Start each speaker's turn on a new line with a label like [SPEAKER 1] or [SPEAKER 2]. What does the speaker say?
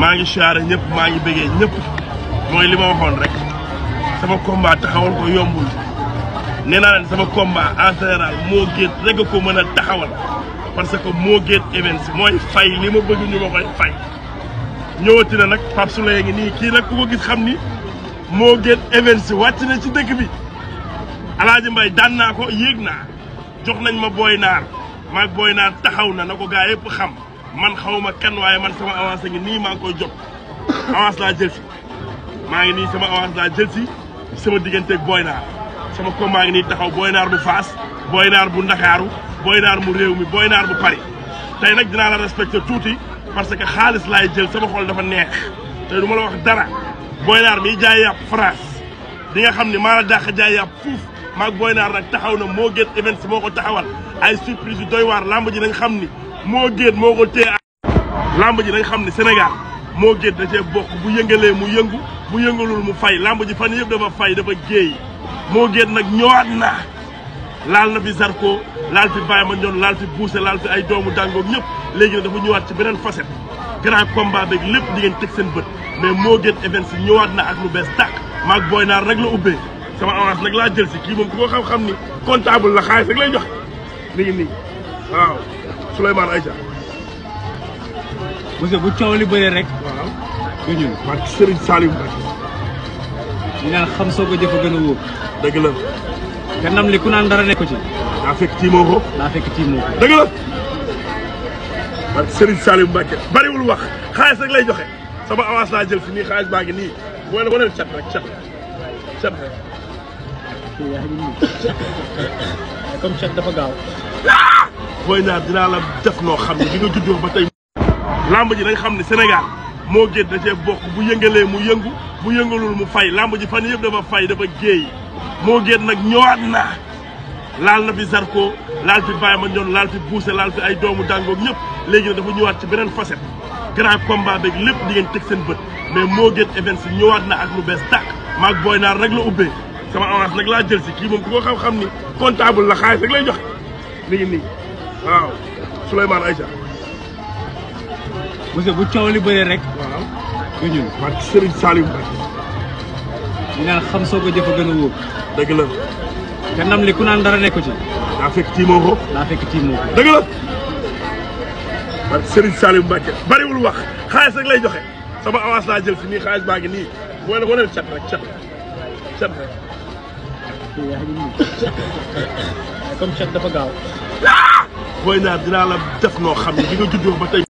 [SPEAKER 1] maa ngi siyaare ñëpp maa ngi bëggee ñëpp mooy li ma waxoon rek sama combat taxawal ko yombul nee naa leen sama combat en général moo géet rek ko mën a taxawal parce que moo géet events mooy fay li ma bëgg ñu ma koy fay ñëwati na nag Pape Souleye ngi nii kii nag ku ko gis xam ni moo géet events wàcc na ci dëkk bi Alaaji Mbay daan naa ko yéeg naa jox nañ ma booy naar maag booy naar taxaw na na ko gaa yëpp xam man xawma kenn waaye man sama avance ngi nii maa ngi koy jot avance laa jël si maa ngi nii sama avance laa jël si sama digganteeg Boy Naar sama combat ngi nii taxaw Boy Naar bu Faas Boy Naar bu Ndakaaru Boy Naar mu réew mi Boy Naar bu Paris tey nag dinaa la tuuti parce que xaalis laay jël sama xol dafa neex tey du ma la wax dara Boy Naar miy jaay yàpp France di nga xam ne maa la dàq jaay yàpp fuuf maag Boy Naar nag taxaw na moo gën event si moo ko taxawal ay surprise yu doy làmb ji na xam ni moo géet moo ko téye làmb ji dañ xam ne Sénégal moo géet da bokk bu yëngalee mu yëngu bu yëngalul mu fay làmb ji fan yëpp dafa fay dafa géey moo géet nag ñëwaat na laal na fi Zarko laal fi Baye Mandione laal fi Bousse laal fi ay doomu dàngoog ñëpp léegi nag dafa ñëwaat ci beneen facette grand combat lépp di ngeen teg seen bët mais moo gën events yi ñëwaat na ak lu bees tàkk maak booy naar rek la ubbee sama avance nag laa jël si kii moom ku ko xam-xam ni comptable la xaalis rek lay jox léegi nii waaw Souleymane Aïcha.
[SPEAKER 2] monsieur bu coow li bëree rek. waaw gëj na. man Serigne Saliou Mbacke. ñu naan xam soo ko jëfee gën a wóor. dëgg la. te ndam li ku naan dara nekk ci. daa fekk tiimoo ko. daa fekk tiimoo ko. dëgg la. man Serigne
[SPEAKER 1] Saliou Mbacke bariwul wax xaalis rek lay joxe sama avance laa jël fi nii xaalis baa ngi nii booy na waneel cat rek cat cat rek. comme cat dafa gaaw. Ah! booy naar dinaa la def noo xam ne bi juddoo ba tey lamb ji dañ xam ne Sénégal moo géet da cee bokk bu yëngalee mu yëngu bu yëngalul mu fay làmba ji fan yëpp dafa fay dafa géey moo géet nag ñëwaat naa laal na fi Zarko laal fi Baye Mandione laal fi Bousse laal fi ay doomu dàngoog ñëpp léegi nag dafa ñëwaat ci beneen facette grand combat beeg lépp di ngeen teg seen bët mais moo géet events si ñëwaat na ak lu bees tàkk maa booy naar nag la ubbee sama avance nag laa jël si kii moom ku xam ni comptable la xaalis rek lay joxe léegi waaw Souleymane Aïcha.
[SPEAKER 2] monsieur bu coow li bëree rek. waaw du ñun. waa Serigne Saliou Mbacké. ñu naan xam soo ko jëfa gën a wóor. dëgg la. te ndam li ku naan dara nekku ci. daa fekk tiimoo ko. daa fekk tiimoo ko. dëgg la. waa Serigne
[SPEAKER 1] Saliou Mbacké bariwul wax xaalis rek lay joxe sama avance laa jël fi nii xaalis baa ngi nii boo leen wane cat rek cat cat rek.
[SPEAKER 2] comme cat dafa gaaw. Ah! Boy Niang dinaa la def noo xam ne bi nga juddoo ba tey.